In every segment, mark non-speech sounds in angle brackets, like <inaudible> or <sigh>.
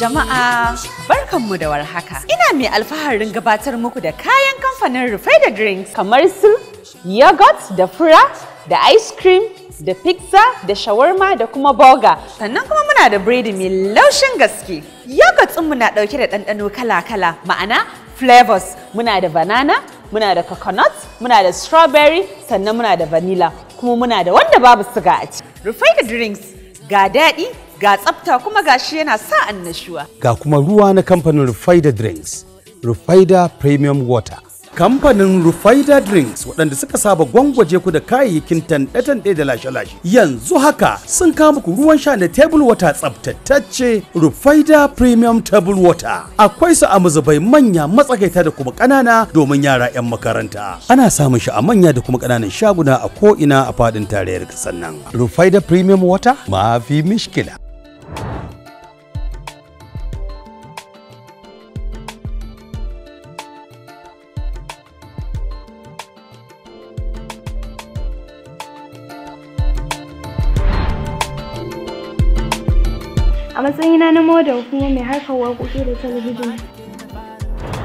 Jama'a barkanmu da warhaka. Ina mai alfaharin gabatar muku da kayan kamfanin rufe da drinks kamar su yogurt da fura da ice cream da pizza da shawarma da kuma burger. Sannan kuma muna da biredi mai laushin gaske. Yogurt ɗinmu na ɗauke da ɗanɗano kala-kala ma'ana flavors muna da banana muna da coconut, muna da strawberry, sannan muna da vanilla, kuma muna da wanda babu suga a ciki. Rufai da drinks ga daɗi ga tsafta kuma gashi yana sa annashuwa. Ga kuma ruwa na kamfanin Rufaida Drinks, Rufaida Premium Water. Kamfanin Rufaida Drinks waɗanda suka saba gwangwaje ku da kayayyakin tanɗe-tanɗe da lashe-lashe. Yanzu haka sun kama ku ruwan sha na table water tsaftatacce Rufaida Premium Table Water. Akwai su a mazubai manya matsakaita da kuma ƙanana domin yara 'yan makaranta. Ana samun shi a manya da kuma ƙananan shaguna a ko'ina a faɗin tarayyar ƙasar Rufaida Premium Water mafi fi mishkila. a matsayina na model kuma mai harkar waƙoƙi da talabijin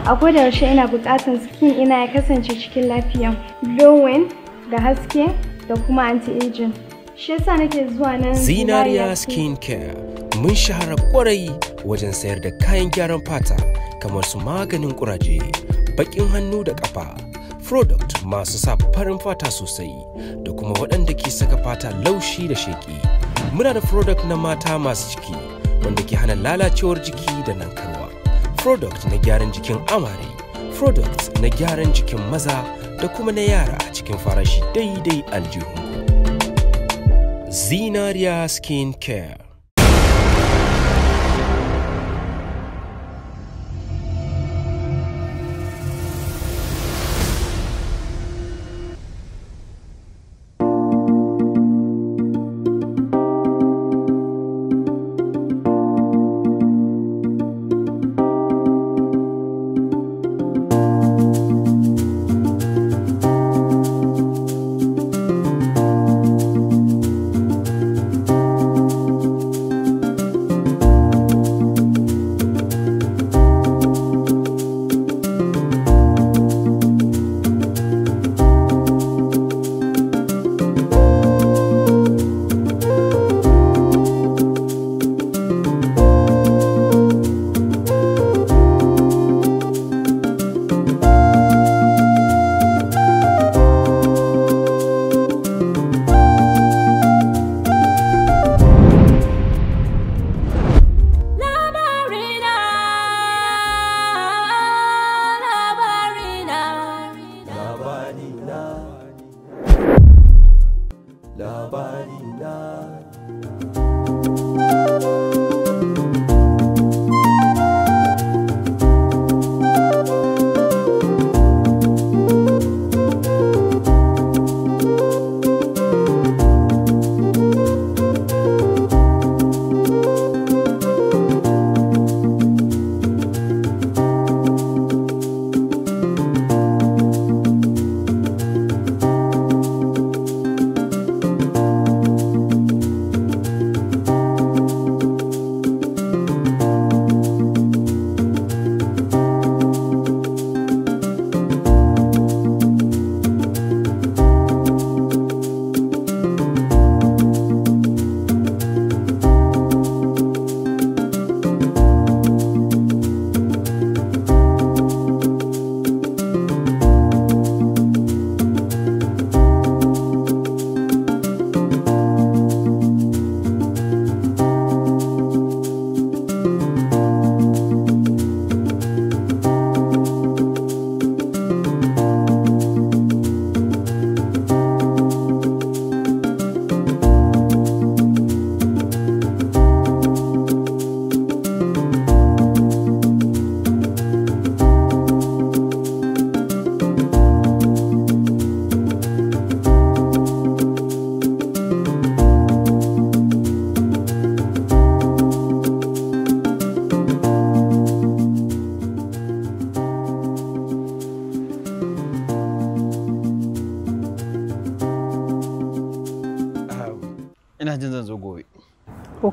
a koda yaushe ina buƙatar skin ina ya kasance cikin lafiya glowing da haske da kuma anti-aging shi yasa nake zuwa nan zinariya skin care mun shahara kwarai wajen sayar da kayan gyaran fata kamar su maganin kuraje baƙin hannu da ƙafa, product masu sa farin fata sosai da kuma waɗanda ke saka fata laushi da sheƙi muna da product na mata masu ciki wanda ke hana lalacewar jiki da nankarwa product na gyaran jikin amare product na gyaran jikin maza da kuma na yara a cikin farashi daidai aljihu. Zinaria skin care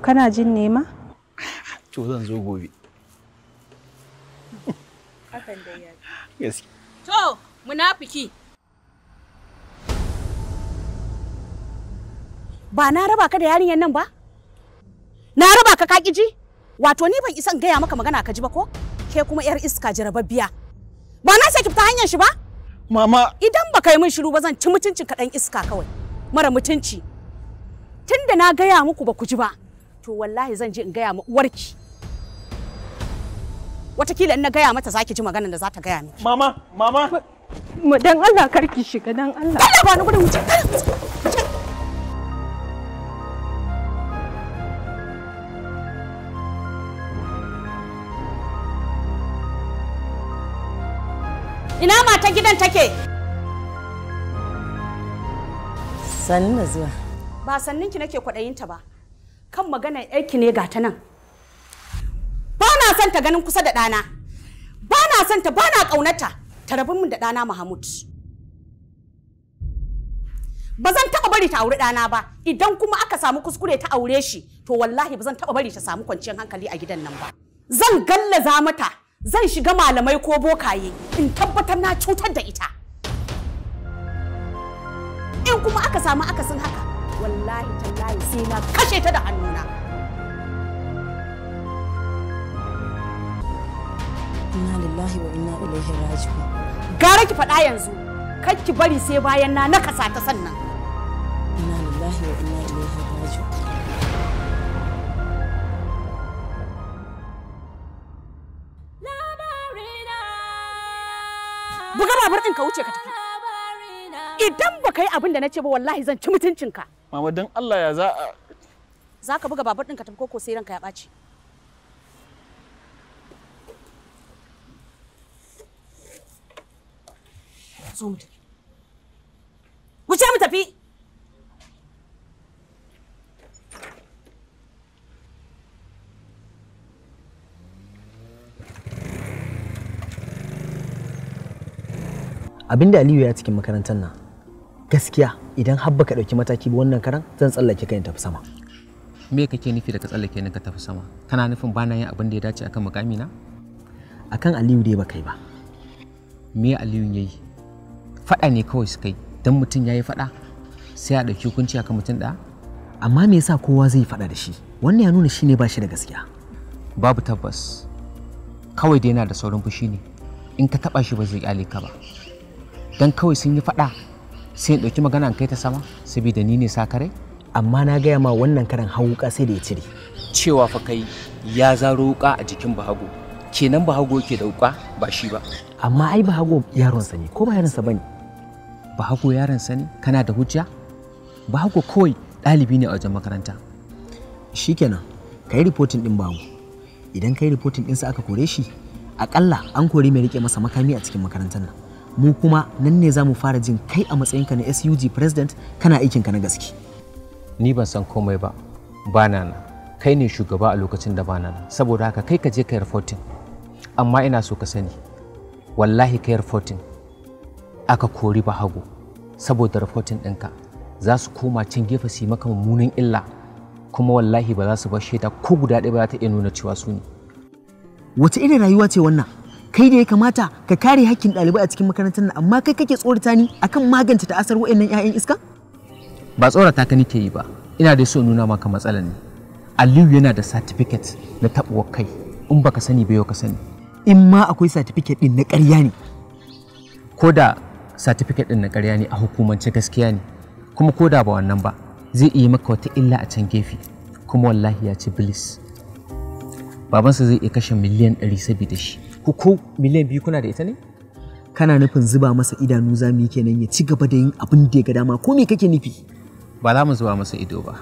kana jin nema? To zan zo gobe. Ba na raba ka da yarinyar nan ba? Na raba ka kaki ji? Wato ni ban isa isan gaya maka magana ka ji ba ko? Ke kuma yar iska jarababbiya. Ba na sai ki fita hanyar shi ba? Mama. Idan ba ka yi min shiru ba zan ci mutuncin ka dan iska kawai. Mara mutunci. Tunda na gaya muku ba ku ji ba. to wallahi zan je in gaya ma uwarki watakila in na gaya mata zaki ji maganar da za ta gaya miki mama mama dan Allah karki shiga dan Allah kada ba ni gudun wuce Ina mata gidan take? sannin zuwa. Ba ki nake kwaɗayinta ba. kan magana yarki ne ga ta nan ba na son ta ganin kusa da ɗana ba na son ta ba na ƙaunata ta rabin min da ɗana Mahmud ba zan taɓa bari ta auri ɗana ba idan kuma aka samu kuskure ta aure shi to wallahi ba zan taɓa bari ta samu kwanciyar hankali a gidan nan ba zan gallaza mata zan shiga malamai ko bokaye in tabbatar na cutar da ita in kuma aka samu akasin haka wallahi tallahi sai na kashe ta da hannuna inna lillahi wa inna ilaihi raji'un gara ki faɗa yanzu kar ki bari sai bayan na kasa ta sannan inna lillahi wa inna ilaihi raji'un buga babur ɗin ka wuce ka tafi idan ba ka yi abin da na ce ba wallahi zan ci mutuncinka mama dan Allah ya za a za ka buga babur ɗinka tafi koko sai ranka ya ɓaci zo mu tafi wuce mu tafi abinda aliyu ya cikin makarantar nan gaskiya idan har baka ɗauki mataki ba wannan karan zan tsallake kai in tafi sama me kake nufi da ka tsallake ni ka tafi sama kana nufin bana yin abin da ya dace akan mukami na akan Aliyu dai baka yi ba me Aliyu yayi faɗa ne kawai suka yi dan mutum yayi faɗa sai a ɗauki hukunci akan mutum ɗaya amma me yasa kowa zai faɗa da shi wannan ya nuna shine ba shi da gaskiya babu tabbas kawai dai yana da saurin fushi ne in ka taɓa shi ba zai kyale ka ba dan kawai sun yi faɗa sai ya ɗauki magana kai ta sama saboda ni ne sa kare amma na gaya ma wannan karan hawuka sai da ya cire cewa fa kai ya zaro wuka a jikin bahago kenan bahago yake da wuka ba shi ba amma ai bahago yaronsa ne ko ba yaronsa bane bahago yaronsa ne kana da hujja bahago kawai ɗalibi ne a wajen makaranta shikenan ka yi ripotin ɗin bahago idan ka yi ripotin sa aka kore shi akalla an kori mai rike masa makami a cikin makarantar nan mu kuma nan ne za mu fara jin kai a matsayinka na SUG president kana aikinka na gaske. Ni ban san komai ba, ba na Kai ne shugaba a lokacin da ba na saboda haka kai ka je ka reporting. Amma ina so ka sani, wallahi ka reporting aka kori ba hago saboda reporting ɗinka za su koma cin gefe su yi maka mummunan illa kuma wallahi ba za su bar shaida ko guda ɗaya ba za ta iya nuna cewa su ne. Wace irin rayuwa ce wannan? kai da ya kamata ka kare hakkin ɗalibai a cikin makarantar nan amma kai kake tsorata ni akan magance ta'asar wa'annan 'ya'yan iska ba tsorata ka nake yi ba ina da so nuna maka matsalar ne Aliyu yana da certificate na tabuwa kai in baka sani ba yau ka sani in ma akwai certificate din na ƙarya ne ko da certificate din na ƙarya ne a hukumance gaskiya ne kuma ko da ba wannan ba zai iya maka wata illa a can gefe kuma wallahi ya ci bilis babansa zai iya kashe miliyan ɗari saboda shi ku ko miliyan biyu kuna da ita ne kana nufin zuba masa idanu za mu yi kenan ya ci gaba da yin abin da ya ga dama ko me kake nufi ba za mu zuba masa ido ba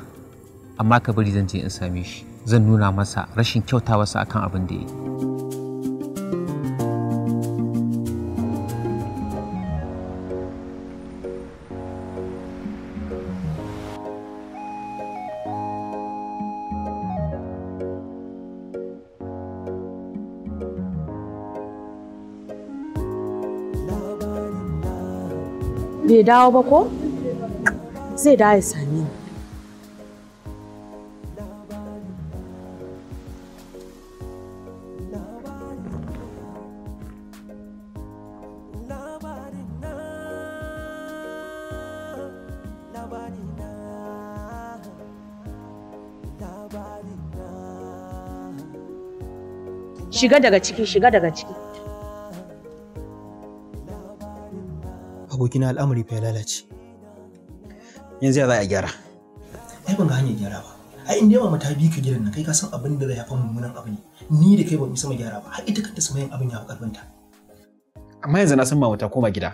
amma ka bari zan je in same shi zan nuna masa rashin kyautawarsa akan abin da ya yi bai dawo ba ko zai dawo ya shiga daga ciki shiga daga ciki abokina al'amari fa ya lalace yanzu ya za a gyara ai ban ga hanyar gyara ba ai in ma ta bi ka gidan nan kai ka san abin da zai haifar mummunan abu ne ni da kai ba mu sama gyara ba har ita kanta sama yin abin ya fi karfin ta amma yanzu na san mama ta koma gida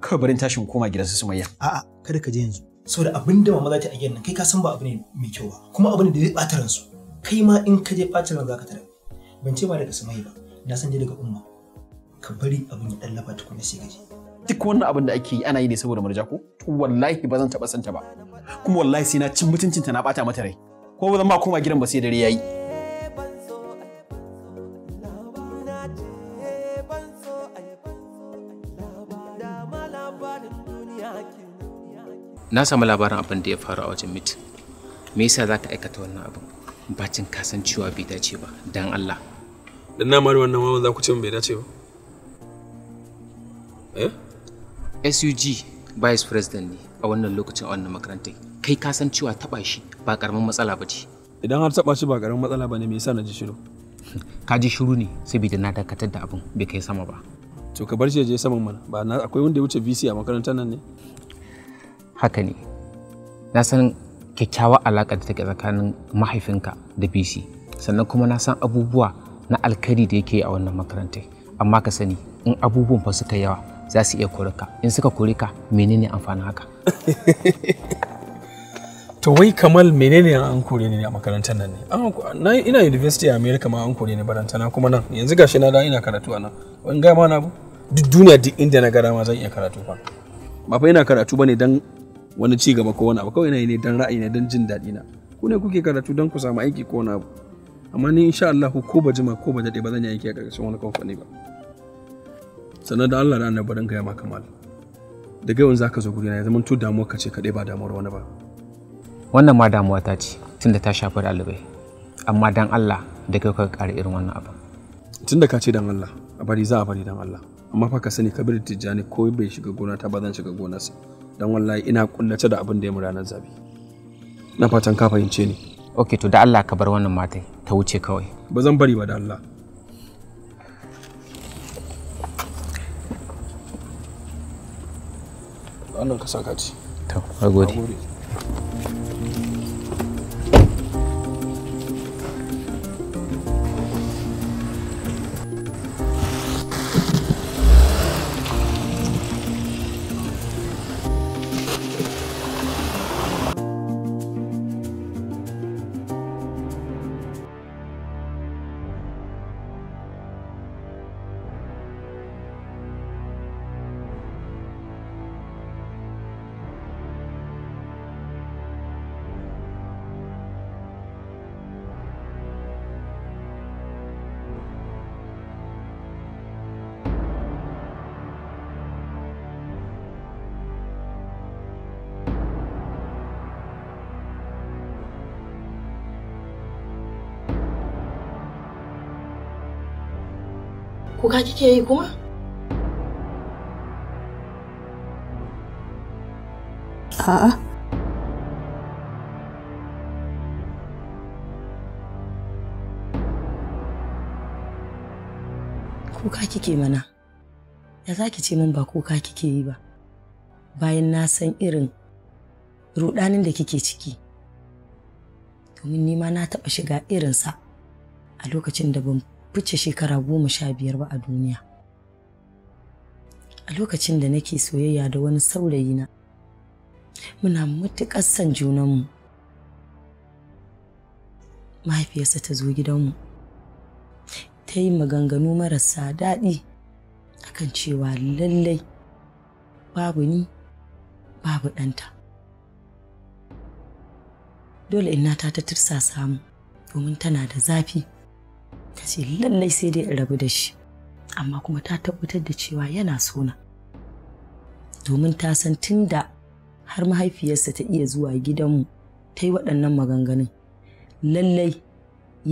kawai barin tashin koma gida su sumayya a'a kada ka je yanzu saboda abin da mama za ta a gidan nan kai ka san ba abu ne mai kyau ba kuma abin da zai bata ransu kai ma in ka je bata ran zaka tare ban ce ma daga mai ba na san je daga umma ka bari abin ya dan tukuna sai ka je duk wannan abin da ake yi ana yi ne saboda marja ko to wallahi ba zan taba santa ba kuma wallahi sai na cin mutuncinta na bata mata rai ko ba zan ma koma gidan ba sai dare yayi na samu labarin abin da ya faru a wajen mit me yasa za ka aikata wannan abin bacin cewa bai dace ba dan Allah dan na mari wannan wawan za ku ce bai dace ba eh SUG Vice President ne a wannan lokacin a wannan makarantar. Kai ka san cewa taba shi ba ƙaramin matsala ba ce. Idan har taba shi ba ƙaramin matsala ba ne me yasa na ji shiru? Ka ji shiru ne saboda na dakatar da abin bai kai sama ba. To ka bar shi ya je saman mana ba na akwai wanda ya wuce VC a makarantar nan ne? Haka ne. Na san kyakkyawar alaƙa da take tsakanin mahaifinka da VC sannan kuma na san abubuwa na alkari da yake a wannan makarantar. Amma ka sani in abubuwan fa suka yawa za su iya kurika in suka kurika menene amfanin haka <laughs> to wai kamal menene an kore ne a makarantar nan ne ah, ina university a america ma an kore ne barantana kuma nan yanzu gashi na da ina karatu a nan wani gaya ma na bu duk duniya duk inda na gara ma zan iya karatu fa ba fa ina karatu bane dan wani ci gaba ko wani abu kawai ina yi ne dan ra'ayi ne dan jin daɗi na ku ne kuke karatu dan ku samu aiki ko wani abu amma ni insha Allah ko ba jima ko ba daɗe ba zan yi aiki a ƙarƙashin wani kamfani ba sannan da Allah da annabi barin gaya maka mal daga yawan zaka zo gurina ya zama tun damuwar ka ce kaɗai ba damuwar wani ba wannan ma damuwa ta ce tunda ta shafi ɗalibai amma dan Allah da kai ka ƙara irin wannan abu tunda ka ce dan Allah a bari za a bari dan Allah amma fa ka sani kabir tijjani ko bai shiga gona ta ba zan shiga gonarsa dan wallahi ina kullace da abin da ya mu ranar zabi na fatan ka fahimce ni okay to da Allah ka bar wannan matai ta wuce kawai ba zan bari ba da Allah Allah ka saka ci to gode. kuka kike yi kuma? A'a. Kuka kike mana, ya za ki ce min ba kuka kike yi ba, bayan na san irin rudanin da kike ciki. Domin nima na taɓa shiga irinsa a lokacin da ban wuce shekara goma sha biyar ba a duniya a lokacin da nake soyayya da wani saurayi na muna matuƙar son junanmu mahaifiyarsa ta zo gidanmu ta yi maganganu marasa daɗi akan cewa lallai babu ni babu ɗanta dole ina ta ta tirsa samu domin tana da zafi ta ce lallai sai dai in rabu da shi amma kuma ta tabbatar da cewa yana sona domin ta san tun da har mahaifiyarsa ta iya zuwa gidanmu ta yi waɗannan maganganun lallai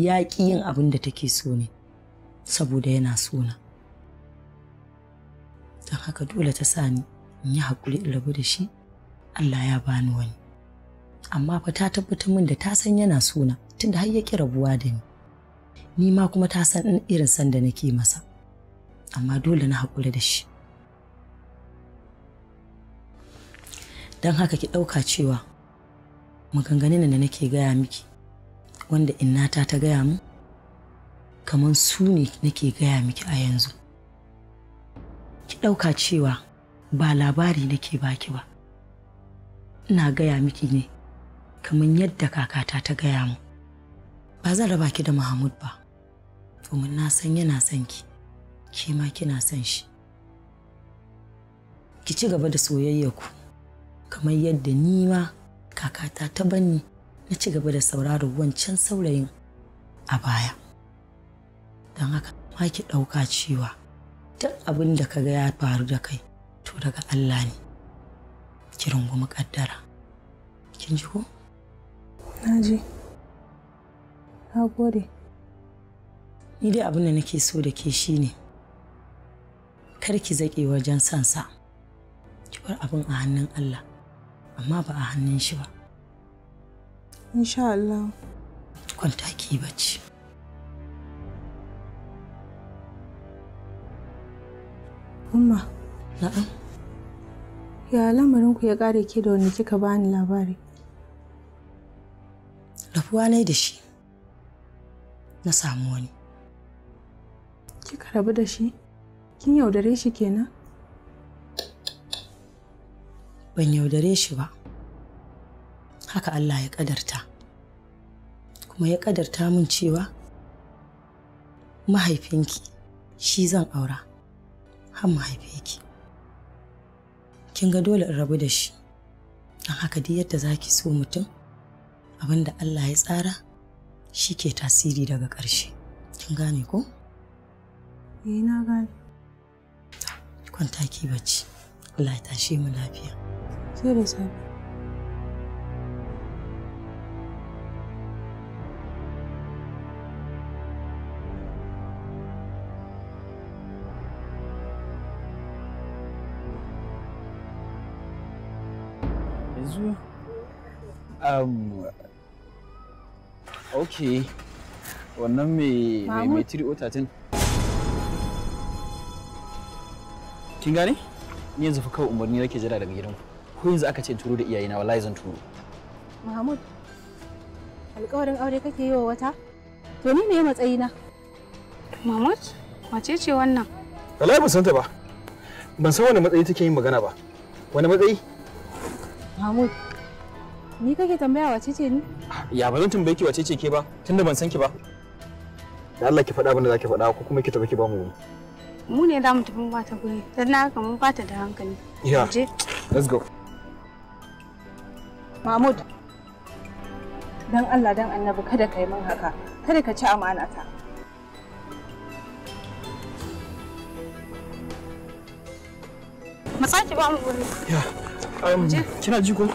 ya ƙi yin abin da take so ne saboda yana sona don haka dole ta sa ni in yi haƙuri in rabu da shi Allah ya bani wani amma fa ta tabbatar min da ta san yana sona tunda har ya ƙi rabuwa da ni ni ma kuma ta san irin san da nake masa amma dole na haƙura da shi don haka ki ɗauka cewa maganganun da nake gaya miki wanda innata ta ta gaya mu kamar su ne nake gaya miki a yanzu ki ɗauka cewa ba labari nake baki ba ina gaya miki ne kaman yadda kakata ta gaya mu ba zan raba ki da Mahmud ba domin na san yana son ki ke ma kina son shi ki ci gaba da soyayya ku kamar yadda ni ma kakata ta banni na ci gaba da sauraron wancan saurayin a baya don haka ma ki ɗauka cewa duk abin da ka ga ya faru da kai to daga Allah ne ki rungumi ƙaddara kin ji ko na ji na gode ni dai abin da nake so da ke shi ne kar ki zaƙe wajen sansa ki bar abin a hannun Allah amma ba a hannun shi ba insha Allah kwanta ki bacci umma na'am ya lamarin ku ya kare ke da wani kika bani labari rabuwa ne da shi na samu wani kika rabu da shi kin yaudare shi kenan ban yaudare shi ba haka Allah ya kadarta kuma ya kadarta min cewa mahaifinki shi zan aura har mahaifinki kin ga dole in rabu da shi don haka duk yadda zaki so mutum abinda Allah ya tsara shi ke tasiri daga ƙarshe kin gane ko? Eh na gani. Kwanta ki bacci. Allah ya tashe mu lafiya. Sai da safe. Yanzu um, okay wannan mai mai kin gane ni yanzu fa kawai umarni nake jira daga gidanku ko yanzu aka ce in turo da iyayena wallahi zan turo Mahmud alƙawarin aure kake yi wa wata to ni ne matsayina Mahmud wace ce wannan wallahi ban santa ba ban san wani matsayi take yin magana ba wani matsayi Mahmud ni kake tambaya wace ce ni ya ba zan tambaye ki wace ce ke ba tunda ban san ki ba da Allah ki faɗa abin da zaki faɗa ko kuma ki tafi ki ba mu mu ne za mu tafi mu bata guri don na haka mun bata da hankali ya let's go mahmud don allah don annabi kada ka yi min haka kada ka ci amana ta matsa ki ba mu guri ya kina ji ko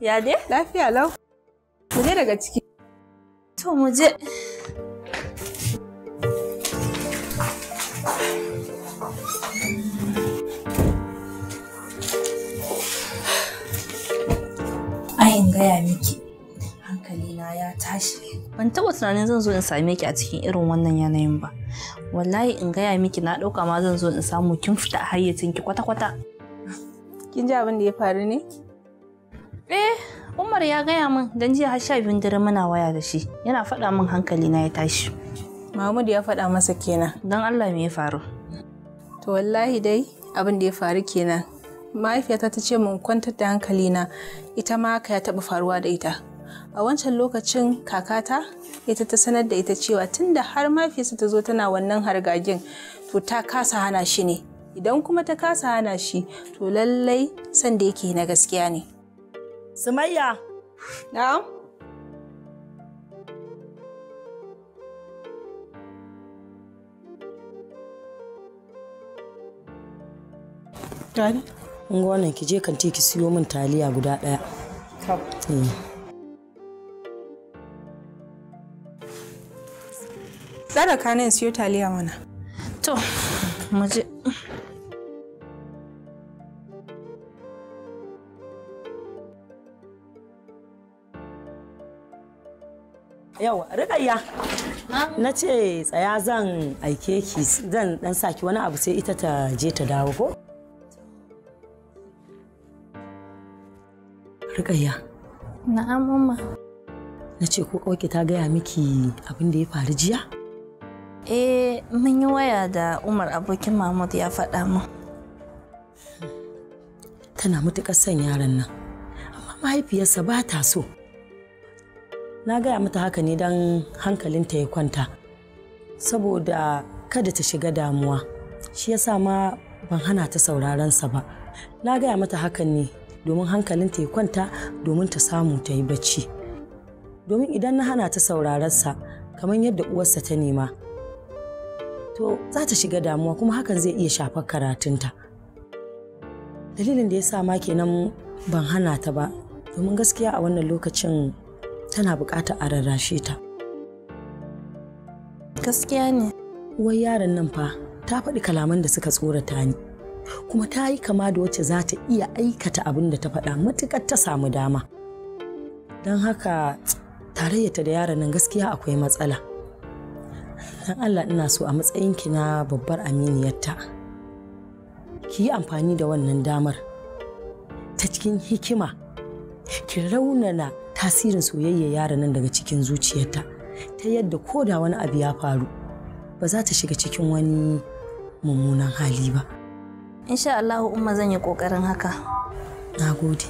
Ya dai? Lafiya lau. Mu je daga ciki. To mu je. Ayin gaya miki hankalina ya tashi. Ban taɓa tunanin zan zo in same ki a cikin irin wannan yanayin ba. Wallahi in gaya miki na ɗauka ma zan zo in samu kin fita a hayyacinki kwata-kwata. Kin ji abin da ya faru ne? eh umar ya gaya min don jiya har sha biyun dare muna waya da shi yana faɗa min hankali na ya tashi mahmud ya faɗa masa kenan don allah me ya faru to wallahi dai abin da ya faru kenan mahaifiyata ta ce min kwantar da hankali na ita ma haka ya taɓa faruwa da ita a wancan lokacin kakata ita ta sanar da ita cewa tun da har mahaifiyarsa ta zo tana wannan hargagin to ta kasa hana shi ne idan kuma ta kasa hana shi to lallai san da yake na gaskiya ne Sumayya. Na? Tani? Kun ki je kanti ki siyo min taliya guda ɗaya. Tsara eh. kanin siyo taliya mana. To, mu je. Yau, Rukayya. Na ce tsaya zan aike ki zan dan saki wani abu sai ita ta je ta dawo ko? Rukayya. Na'am umma. Na ce ko kawai ta gaya miki abin da ya faru jiya? Eh, mun yi waya da Umar abokin Mahmud ya faɗa mu. Tana matuƙar son yaran nan. Amma mahaifiyarsa ba ta so. na gaya mata haka ne don hankalinta ya kwanta saboda kada ta shiga damuwa shi ya sa ma ban hana ta sauraron ba na gaya mata haka ne domin hankalinta ya kwanta domin ta samu ta yi bacci domin idan na hana ta sauraron sa kamar yadda uwarsa ta nema to za ta shiga damuwa kuma hakan zai iya shafar karatunta dalilin da ya sa ma kenan ban hana ta ba domin gaskiya a wannan lokacin tana buƙatar a rarrashe ta. Gaskiya ne. wai yaron nan fa ta faɗi kalaman da suka tsorata ni. Kuma ta yi kama da wacce za ta iya aikata abin da ta faɗa matuƙar ta samu dama. Don haka tarayyata da yaron nan gaskiya akwai matsala. Dan Allah ina so a matsayinki na babbar aminiyarta. Ki yi amfani da wannan damar ta cikin hikima ki raunana tasirin soyayya yara nan daga cikin zuciyarta ta yadda ko da wani abu ya faru ba za ta shiga cikin wani mummunan hali ba insha Allah umma zan yi ƙoƙarin haka na gode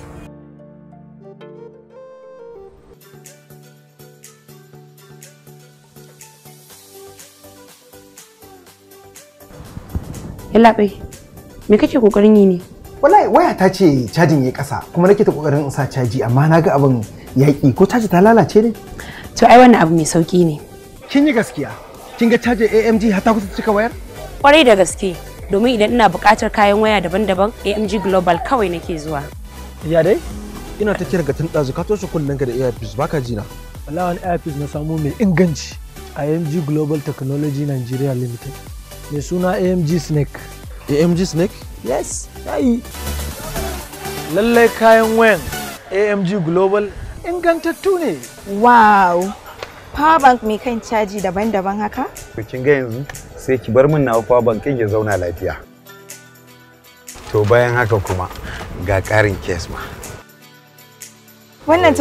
Yallaɓai, me kake ƙoƙarin yi ne? Wallahi waya ta ce cajin ya ƙasa, kuma nake ta ƙoƙarin in sa caji amma na ga abin yaƙi ko caji ta lalace ne to ai wannan abu mai sauki ne kin yi gaskiya kin ga caji amg har ta kusa cika wayar kwarai da gaske domin idan ina buƙatar kayan waya daban-daban amg global kawai nake zuwa ya dai ina ta kira ga tun ɗazu ka toshe kullum ka da ba baka ji na wallahi wani na samu mai inganci amg global technology nigeria limited mai suna amg snake amg snake yes yayi lallai kayan wayan amg global ingantattu ne wow power bank mai kan caji daban-daban haka Ku kin ga yanzu sai ki bar min nawa power bank ya zauna lafiya to bayan haka kuma ga ƙarin case ma wannan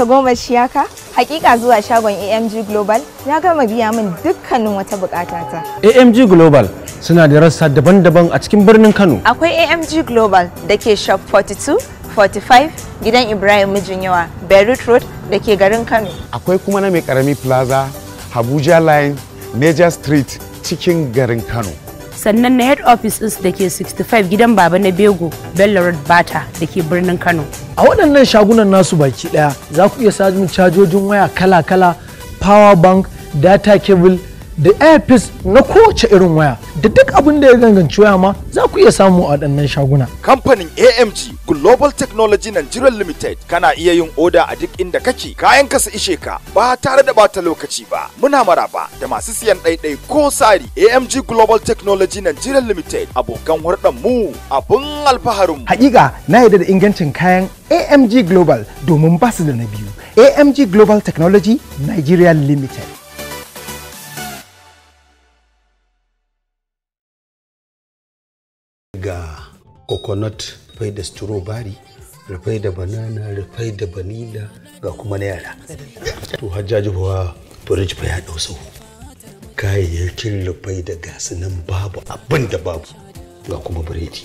shi haka hakika zuwa shagon amg global ya gama biya min dukkanin wata bukatata amg global suna da rassa daban-daban a cikin birnin kano akwai amg global da ke shop 42 45 gidan Ibrahim Mijin Yawa, Beirut Road da ke garin Kano. Akwai kuma na mai karami plaza, Habuja Line, major Street cikin garin Kano. Sannan na head office is da ke 65 gidan Baba na Bego, Bello Road Bata da ke birnin Kano. A waɗannan shagunan nasu baki ɗaya za ku iya samun cajojin waya kala-kala, power bank, data cable, da airpiece na kowace irin waya da duk abin da ya ganganci waya ma za ku iya samu a waɗannan shaguna. Kamfanin AMG Global Technology Nigeria Limited kana iya yin oda a duk inda kake kayan kasa ishe ka ba tare da bata lokaci ba. Muna maraba da masu siyan ɗaiɗai ko sari AMG Global Technology Nigeria Limited abokan hurɗar mu abun alfaharin. Hakika na yarda da ingancin kayan AMG Global domin basu da na biyu. AMG Global Technology Nigeria Limited. coconut rufai da strawberry rufai da banana rufai da vanilla ga kuma na yara to hajjaji kuwa firij fa ya dau sau kayayyakin rufai da gasu nan babu abin da babu ga kuma biredi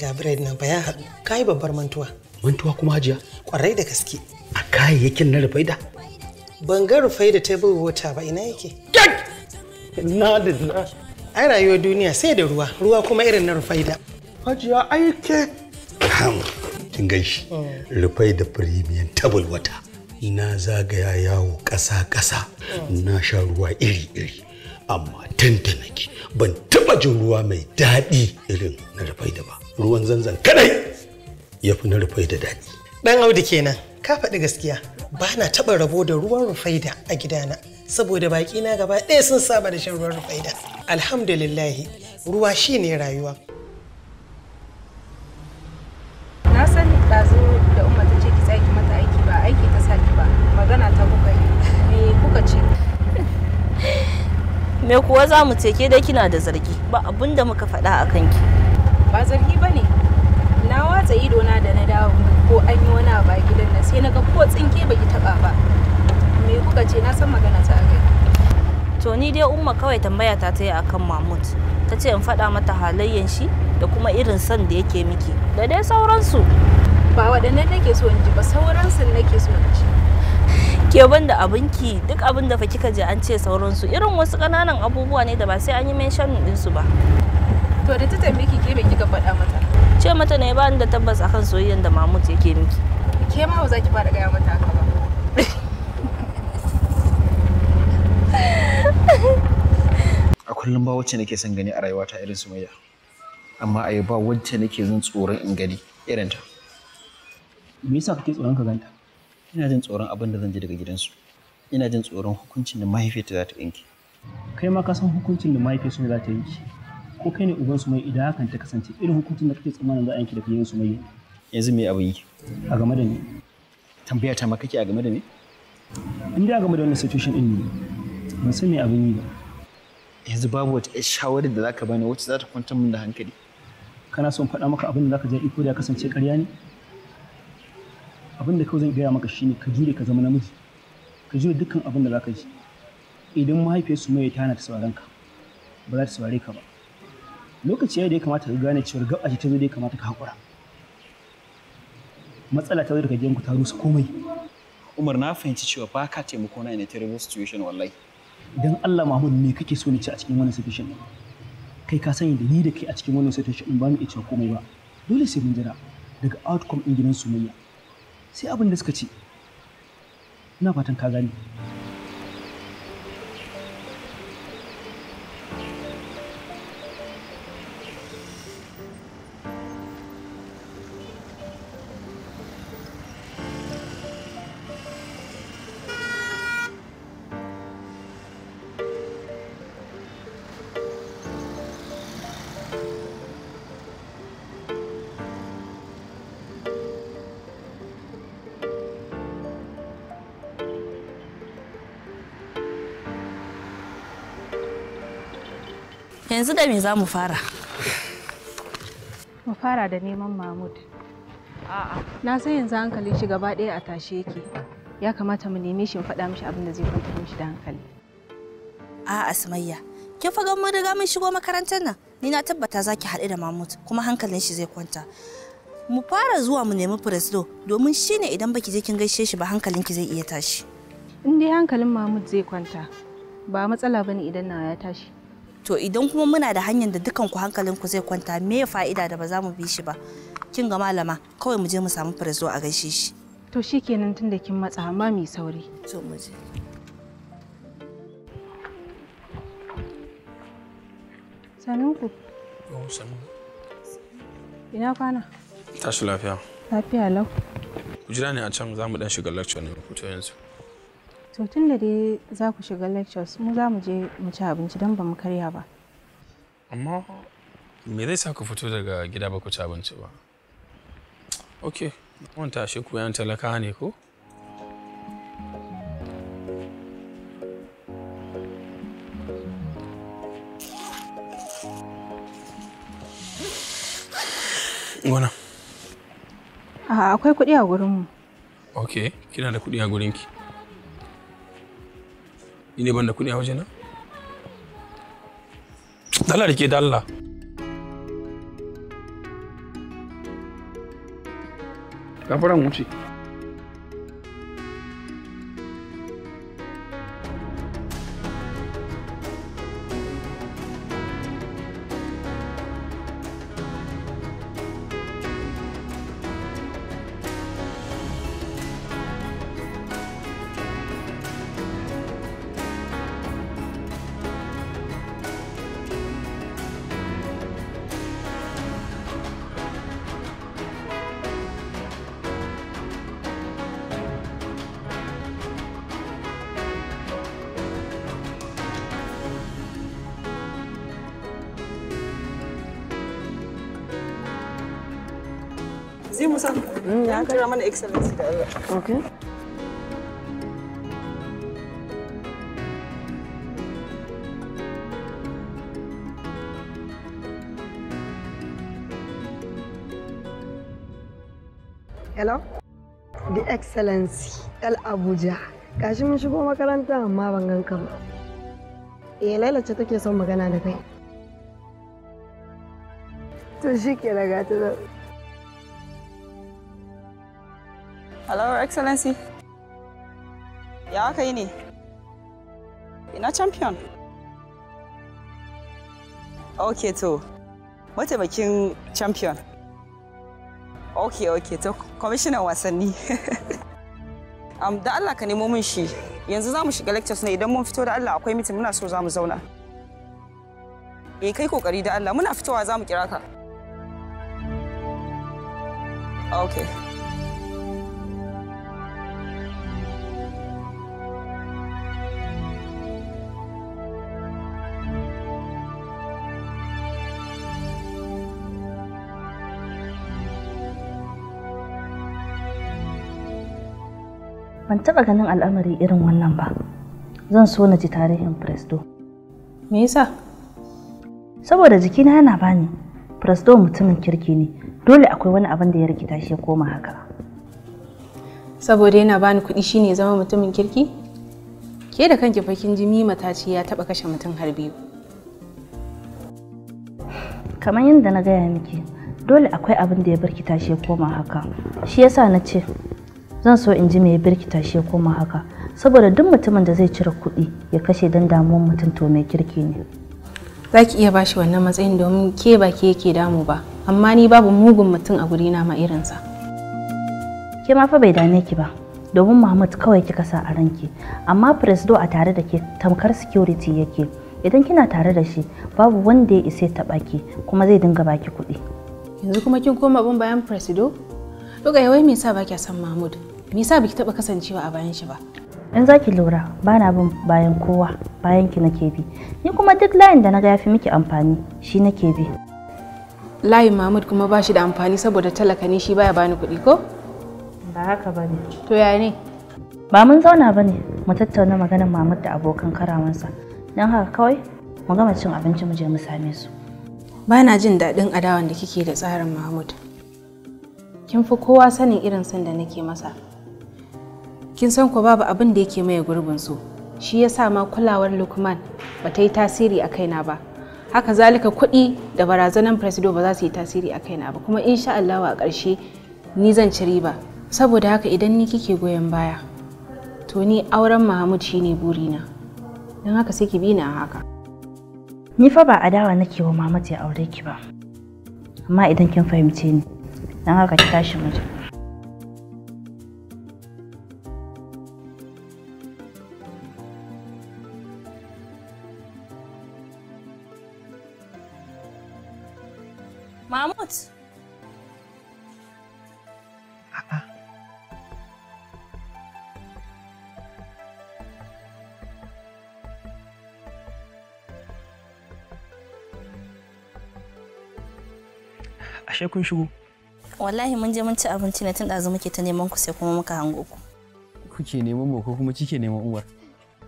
ga biredi nan bayan haɗu kayi babbar mantuwa mantuwa kuma hajiya kwarai da gaske a kayayyakin na rufai da ban ga rufai da table water ba ina yake na da na ai rayuwar duniya sai da ruwa ruwa kuma irin na rufai da hajiya aike kam kin gaishe oh. rufai da premium table wata na zagaya yawo ƙasa-ƙasa oh. na sha ruwa iri-iri amma tantanaki ban taba jin ruwa mai daɗi irin na rufai da ba ruwan zanzan kadai ya fi na rufai da daɗi ɗan audu kenan ka faɗi gaskiya ba na taɓa rabo da ruwan rufaida a gidana saboda baƙi na gaba ɗaya sun saba da shan ruwan rufaida alhamdulillahi ruwa shine rayuwa ɗazu da umar ta ce ki tsaki mata aiki ba aiki ta sa ba magana ta kuka yi eh, kuka ce <laughs> me kuwa za mu ce ke dai kina da zargi ba abin da muka faɗa a kanki ba zargi ba ne na watsa idona da na dawo ko an yi wani abu a gidan nan sai na ga ko tsinke baki taɓa ba me kuka ce na san magana ta kai to ni dai umma kawai tambaya ta ta yi akan mahmud ta ce in faɗa mata halayyan shi da kuma irin son da yake miki da dai sauransu ba waɗannan nake so in ji ba sauransu nake so in ji ke ban da abinki duk abin da fa kika ji an ce sauransu irin wasu kananan abubuwa ne da ba sai an yi mention din su ba to da ta tambaye ki ke me kika faɗa mata ce mata ne ba da tabbas akan soyayyar da Mahmud yake miki ke ma ba za ki fara gaya mata haka ba a kullum ba wacce nake son gani a rayuwata irin Sumayya amma a ba wacce nake zan tsoron in gani irin ta me yasa kake tsoron ka ganta ina jin tsoron abin da zan ji daga gidansu ina jin tsoron hukuncin da mahaifiyarta za ta yanke kai ma ka san hukuncin da mahaifiyarsu za ta yanke ko kai ne uban su mai idan hakan ta kasance irin hukuncin da kake tsammanin za a yanke daga gidansu mai yanzu me abin yi a game da ni tambaya ta ma kake a game da ni? in da game da wannan situation din ne ban san me abin yi ba yanzu babu wata shawarar da za ka bani wacce za ta kwantar min da hankali kana son faɗa maka abin da za ka je iko da kasance ƙarya ne abin da kawai zan gaya maka shine ka jure ka zama namiji ka jure dukkan abin da zaka ji idan mahaifiyarsu mai tana ta sauran ka ba za ta saurare ka ba lokaci yayi da ya kamata ka gane cewa gaba ce ta zo da ya kamata ka hakura matsala ta zo daga gidanku ta rusa komai Umar na fahimci cewa ba ka taimako na in a terrible situation wallahi dan Allah Mahmud me kake so ni ci a cikin wannan situation kai ka sani da ni da kai a cikin wannan situation ba mu iya cewa komai ba dole sai mun jira daga outcome in gidan Sumayya sai abin da suka ce ina fatan ka gane yanzu da me za mu fara? Mu fara da neman Mahmud. A'a, na san yanzu hankalin shi gaba ɗaya a tashe yake. Ya kamata mu nemi shi mu faɗa mishi abin da zai kwantar mishi da hankali. A'a, Sumayya, kin fa mun riga mun shigo makarantar nan. Ni na tabbata za ki haɗu da Mahmud kuma hankalin shi zai kwanta. Mu fara zuwa mu nemi Presdo domin shi ne idan baki je kin gaishe shi ba hankalin ki zai iya tashi. In dai hankalin Mahmud zai kwanta, ba matsala bane idan na ya tashi. to idan kuma muna da hanyar da dukan ku hankalin ku zai kwanta me fa'ida da ba za mu bi shi ba kin ga malama kawai mu je mu samu farzo a gaishe shi to shikenan da kin matsa amma mai sauri to mu je sanu ina kwana tashi lafiya lafiya lau ku jira ne a can za mu dan shiga lecture ne ku to yanzu to tun da dai za ku shiga lectures mu za mu je mu ci abinci don ba mu karya ba amma me zai sa ku fito daga gida ba ku ci abinci ba ok wanta shi ku yan talaka ne ko gona akwai kuɗi a gurinmu ok kina da kudi a gurinki ni ne banda kuɗi a na dala da ke ka fara gafaran wuce yi musan. Mm, ya kira mana excellency da Allah. Okay. Hello? The Excellency, El Abuja. Gashi mun shigo makaranta amma ban gan ka ba. Eh Laila ce take son magana da kai. To shi ke daga ta Hello, Excellency. Ya aka yi ne? Ina champion. Ok, to. Mataimakin champion. Ok, ok, to. Kwamishinan wasanni. um, <laughs> da Allah ka nemo min shi. Yanzu za mu shiga lectures ne idan mun fito da Allah akwai mitin muna so za mu zauna. Eh, kai kokari da Allah muna fitowa za mu kira ka. Okay. ban taɓa ganin al'amari irin wannan ba zan so na ji tarihin presto me yasa saboda jikina yana bani presto mutumin kirki ne dole akwai wani abin da ya rikita shi koma haka saboda yana bani kuɗi shine zama mutumin kirki ke da kanki fakin jimi mataci ya taba kashe mutum har biyu kamar yadda na gaya miki dole akwai abin da ya bar shi ya koma haka shi yasa na ce zan so in ji mai ya birkita shi koma haka saboda duk mutumin da zai cire kuɗi ya kashe don damuwar mutum to mai kirki ne za ki iya bashi wannan matsayin domin ke ba ke yake damu ba amma ni babu mugun mutum a guri na ma irinsa ke ma fa bai dame ki ba domin Muhammad kawai kika sa a ranki amma presdo a tare da ke tamkar security yake idan kina tare da shi babu wanda ya isa taɓa ki kuma zai dinga baki kuɗi yanzu kuma kin koma bin bayan presdo doga wai me yasa baki son Mahmud? Me yasa biki taba kasancewa a bayan shi ba? In zaki lura, bana bin bayan kowa, bayan ki nake bi. Ni kuma duk layin da naga yafi miki amfani, shi nake bi. Layin Mahmud kuma ba shi da amfani saboda talaka ne shi baya bani kuɗi ko? Ba haka bane. To ya ne? Ba mun zauna bane, mu tattauna maganar Mahmud da abokan karawansa. Don haka kawai mu gama cin abinci mu je mu same su. Bana jin daɗin adawan da kike da tsarin Mahmud. kin fi kowa sanin irin son da nake masa kin san ko babu abin da yake maye gurbin su shi yasa ma kulawar lukman ba ta yi tasiri a kaina ba haka zalika kuɗi da barazanan presido ba za su yi tasiri a kaina ba kuma insha Allah a ƙarshe ni zan ci riba saboda haka idan ni kike goyon baya to ni auren Mahmud shine burina don haka sai ki bi ni a haka ni fa ba adawa nake wa Mahmud ya aure ki ba amma idan kin fahimce ni don haka ki tashi mu Mahmud. Ashe kun shigo. wallahi mun je mun ci abinci ne tun ɗazu muke ta neman ku sai kuma muka hango ku kuke neman mu ko kuma kike neman umar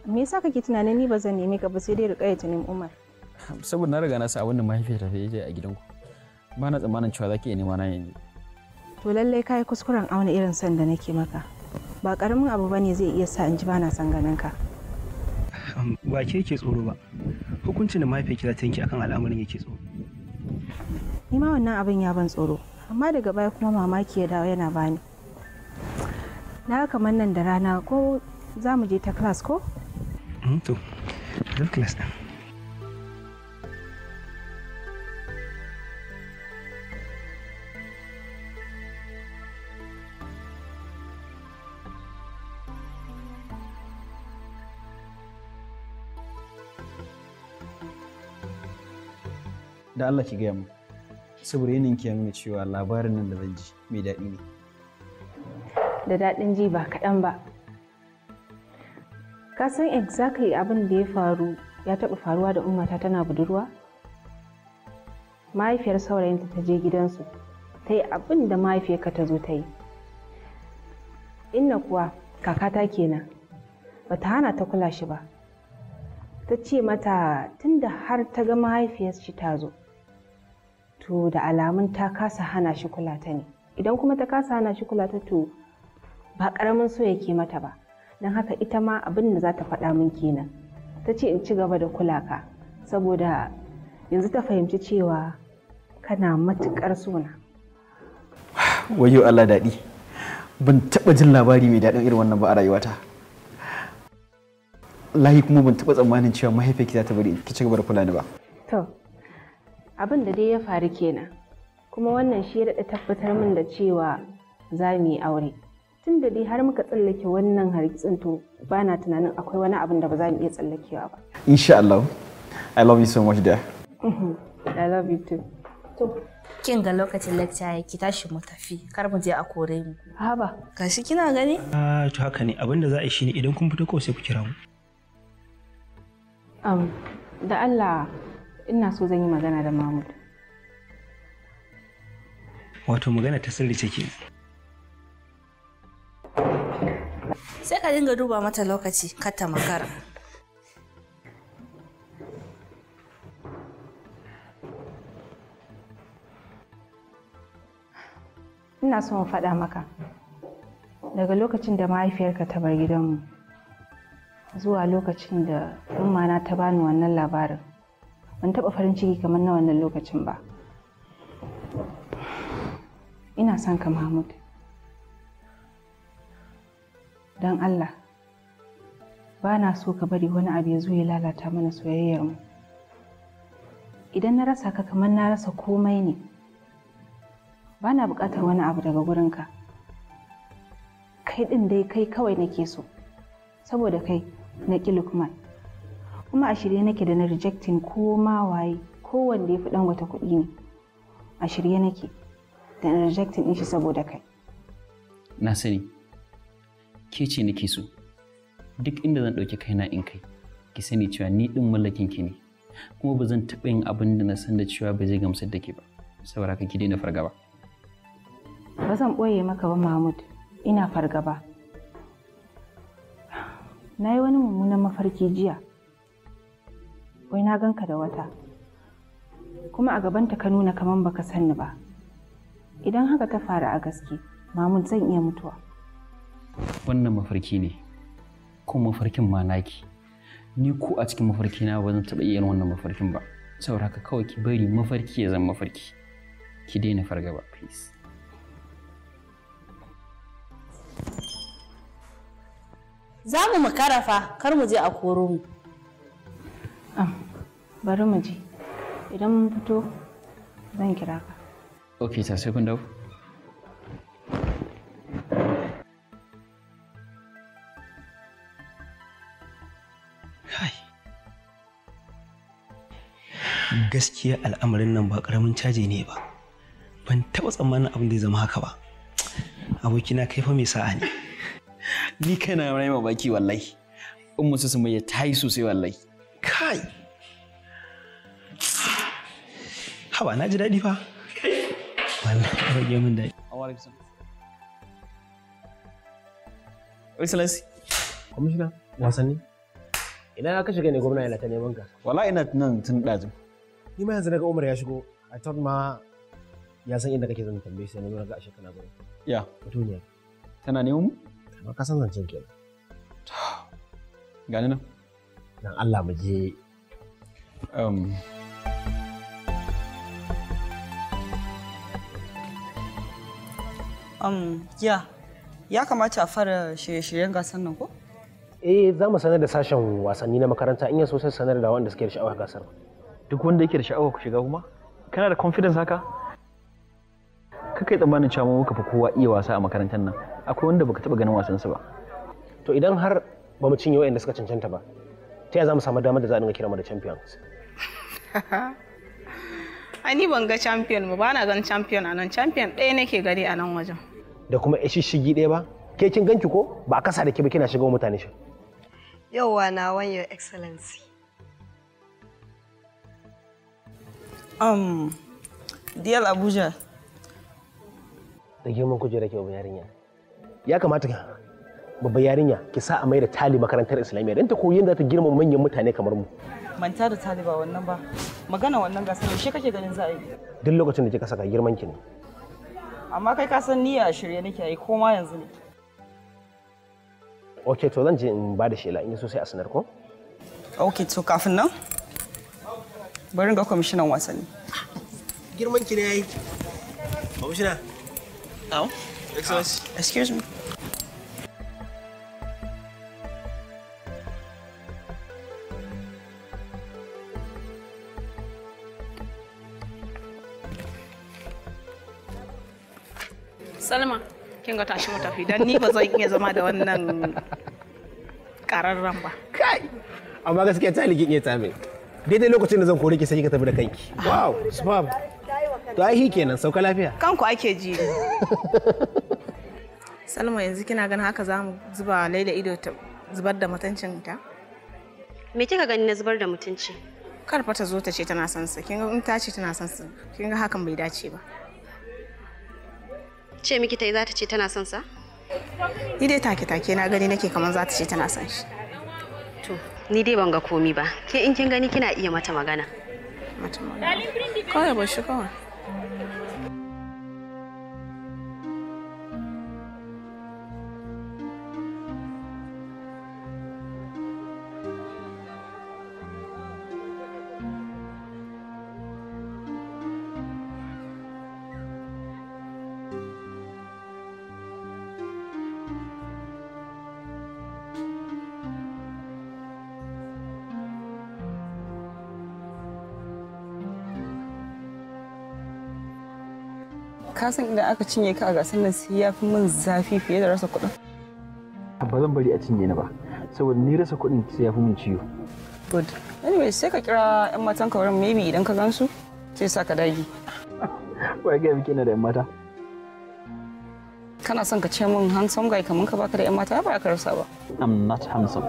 me yasa kake tunanin ni ba zan neme ka ba sai dai riƙa ta nemi umar saboda na riga na sa abin da mahaifiyar ta je a gidanku ba na tsammanin cewa zaki iya nema na yanzu to lallai kai kuskuren auna irin son da nake maka ba karamin abu bane zai iya sa in ji bana son ganin ka ba ke yake tsoro ba hukuncin da mahaifiyar ta yanke akan al'amarin yake tsoro ni ma wannan abin ya ban tsoro amma daga baya kuma mamaki ya dawo yana bani na kamar nan da rana ko za mu je ta class ko? Mm, to class ɗin da Allah ki gaya mu saboda yanayin ke nuna cewa labarin nan da zan ji mai daɗi ne da daɗin ji ba kaɗan ba ka san exactly abin da ya faru ya taɓa faruwa da ummata tana budurwa mahaifiyar saurayinta ta je gidansu ta yi abin da mahaifiyarka ta zo ta yi inna kuwa kakata kenan ba ta hana ta kula shi ba ta ce mata tunda har ta ga mahaifiyar shi ta zo to da alamun ta kasa hana shi kula ta ne idan kuma ta kasa hana shi kula ta to ba karamin so yake mata ba don haka ita ma abin da za ta faɗa min kenan ta ce in ci gaba da kula ka saboda yanzu ta fahimci cewa kana matuƙar suna. wayo Allah daɗi ban taɓa jin labari mai daɗin irin wannan ba a rayuwata lahi kuma ban taɓa tsammanin cewa mahaifiyarki za ta bari ki ci gaba da kula ni ba to abin da dai ya faru kenan kuma wannan shi ya daɗa tabbatar min da cewa za mu yi aure tun da dai har muka tsallake wannan hargitsin to ba na tunanin akwai wani abin da ba za mu iya tsallakewa ba insha Allah I love you so much dear mhm. I love you too kin ga lokacin lecture ki tashi mu tafi kar mu je a kore mu haba gashi kina gani ah to haka ne abin da za a yi shine idan kun fito ko sai ku kira mu um da Allah ina so zan yi magana da Mahmud. Wato magana ta sirri ke. Sai ka dinga duba mata lokaci ka ta makara. Ina so mu faɗa maka. Daga lokacin da mahaifiyarka ta bar gidanmu zuwa lokacin da na ta bani wannan labarin. ban taɓa farin ciki kamar na wannan lokacin ba ina son ka mahmud don allah ba na so ka bari wani abu ya zo ya lalata mana soyayyarmu idan na rasa ka kamar na rasa komai ne ba na buƙatar wani abu daga gurinka kai ɗin dai kai kawai nake so saboda kai na ƙi lukman kuma a shirye nake da na rejectin ko ma waye ko wanda ya fi dan wata kuɗi ne a shirye nake da na rejectin din shi saboda kai na sani ke ce nake so duk inda zan ɗauki kaina in kai ki sani cewa ni ɗin mallakin ki ne kuma ba zan taɓa yin abin da na san da cewa ba zai gamsar da ke ba saboda ka ki daina fargaba ba zan ɓoye maka ba mahmud ina fargaba <sighs> na yi wani mummunan mafarki jiya wai na ganka da wata kuma a gabanta ka nuna kaman baka sanni ba idan haka ta faru a gaske mamun zan iya mutuwa wannan mafarki ne kuma mafarkin ma naki ni ko a cikin mafarki na ba zan taɓa iya wannan mafarkin ba saboda haka kawai ki bari mafarki ya zama mafarki ki daina fargaba please za mu makarafa kar mu je a koro mu Ah, bari mu je idan mun fito zan kira ka ok ta sai kun dau. gaskiya al'amarin nan ba karamin caji ne ba ban taɓa tsammanin abin da ya zama haka ba abokina kai fa mai sa'a ne ni kaina na yi baki wallahi in musu su mai tayi sosai wallahi kai haba na ji daɗi fa wallahi rage min daɗi alaikum excellency kwamishina wasanni idan ka shiga ne gwamna yana ta neman ka wala ina nan tun ɗazu ni ma yanzu daga umar ya shigo a thought ma ya san inda kake zan tambaye sai na ga ashe kana gurin ya ne. tana neman mu ka san zancen kenan gani nan dan Allah mu je um um ya ya kamata a fara shirye-shiryen gasar nan ko eh za mu sanar da sashen wasanni na makaranta in yaso sai sanar da wanda suke da sha'awar gasar duk wanda yake da sha'awar ku shiga kuma kana da confidence haka kakai tsammanin cewa muka fi kowa iya wasa a makarantar nan akwai wanda baka taba ganin wasansu ba to idan har ba mu cinye wa'anda suka cancanta ba ta yi za mu samu damar da za a dinga kira mu da champions ani <laughs> ban ga champion ba bana gan champion a nan champion ɗaya nake gari a nan wajen da kuma shigi ɗaya ba ke kin ganki ko ba a kasa da ke ba kina shiga mutane shi yauwa na wan your excellency um diyal abuja da girman kujera ke yarinya ya kamata babba yarinya ki sa a mai da tali makarantar islamiyya don ta koyi yadda ta girma manyan mutane kamar mu manta da tali ba wannan ba magana wannan ne shi kake ganin za a yi duk lokacin da kika saka girman ki ne amma kai ka san niyya a shirye nake yi ko ma yanzu ne ok to zan je in ba da shela in yi sosai a sanar ko ok to kafin nan bari ga kwamishinan wasanni girman ki ne yayi kwamishina Oh. Excuse me. salma kin ga tashi mu tafi dan ni ba zan iya zama da wannan kararran ba kai amma gaskiya ta liƙi iya tsame daidai lokacin da zan kore ki sai ka tafi da kanki wow subhab to ai kenan sauka lafiya kanku ake ji salma yanzu kina ganin haka za mu zuba laila ido ta zubar da mutuncinta me kika gani na zubar da mutunci kar fa ta zo ta ce tana son sa kin ga in ta ce tana son sa kin ga hakan bai dace ba ce miki ta yi za ta ce tana son sa? Ni dai take-take na gani nake kamar za ta ce tana son shi. To, ni dai ban ga komi ba. Ke in kin gani kina iya mata magana. Mata magana. Kawai ba shi kawai. ka san idan aka cinye ka a gasar nan sai ya fi min zafi fiye da rasa kuɗin ba zan bari a cinye ni ba saboda ni rasa kuɗin sai ya fi min ciwo good anyway sai ka kira yan matan ka wurin maybe idan ka gansu sai sa ka dagi <laughs> wai ga yi na da yan mata kana son ka ce min handsome guy kamar ka baka da yan mata ba ka rasa ba i'm not handsome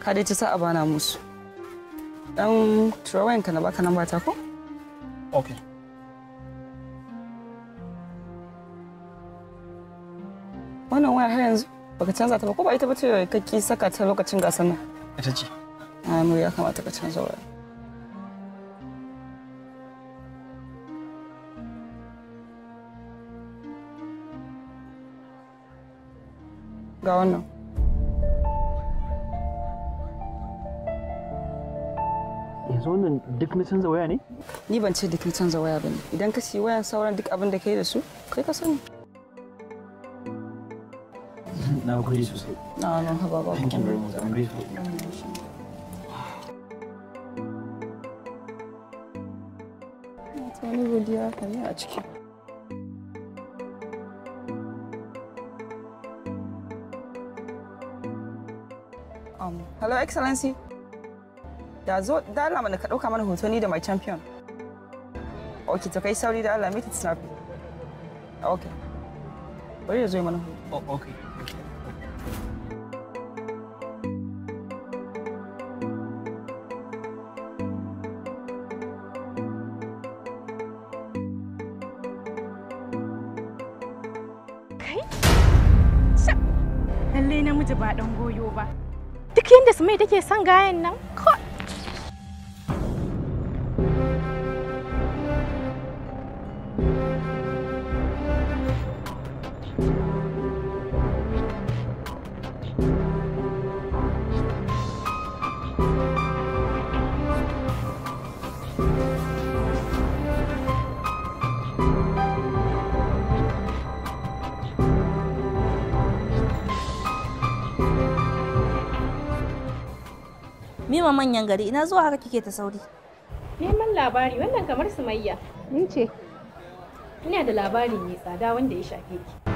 ka dai ci sa'a bana musu dan turawayen ka na baka nan ba ta ko okay baka canza ta ba ko ba ita ba ce ka ki saka ta lokacin gasar nan ita ce ai mu ya kamata ka canza wa ga wannan yanzu wannan duk na canza waya ne? Ni ban ce duk na canza waya ba ne. Idan ka siyi wayan sauran duk abin da ka yi da su, kai ka sani. Na gode sosai. Na Thank you very much. I'm grateful. Wani godiya ka ne a ciki. Um, hello excellency. Da zo da Allah mana ka dauka mana hoto ni da my champion. Okay, ta kai sauri da Allah meet it snap. Okay. Bari ya zo mana oh, Okay. me take son gayan nan yawan manyan gari ina zuwa haka kike ta sauri neman labari wannan kamar sumayya ni ce ina da labari mai tsada wanda ya shafe ki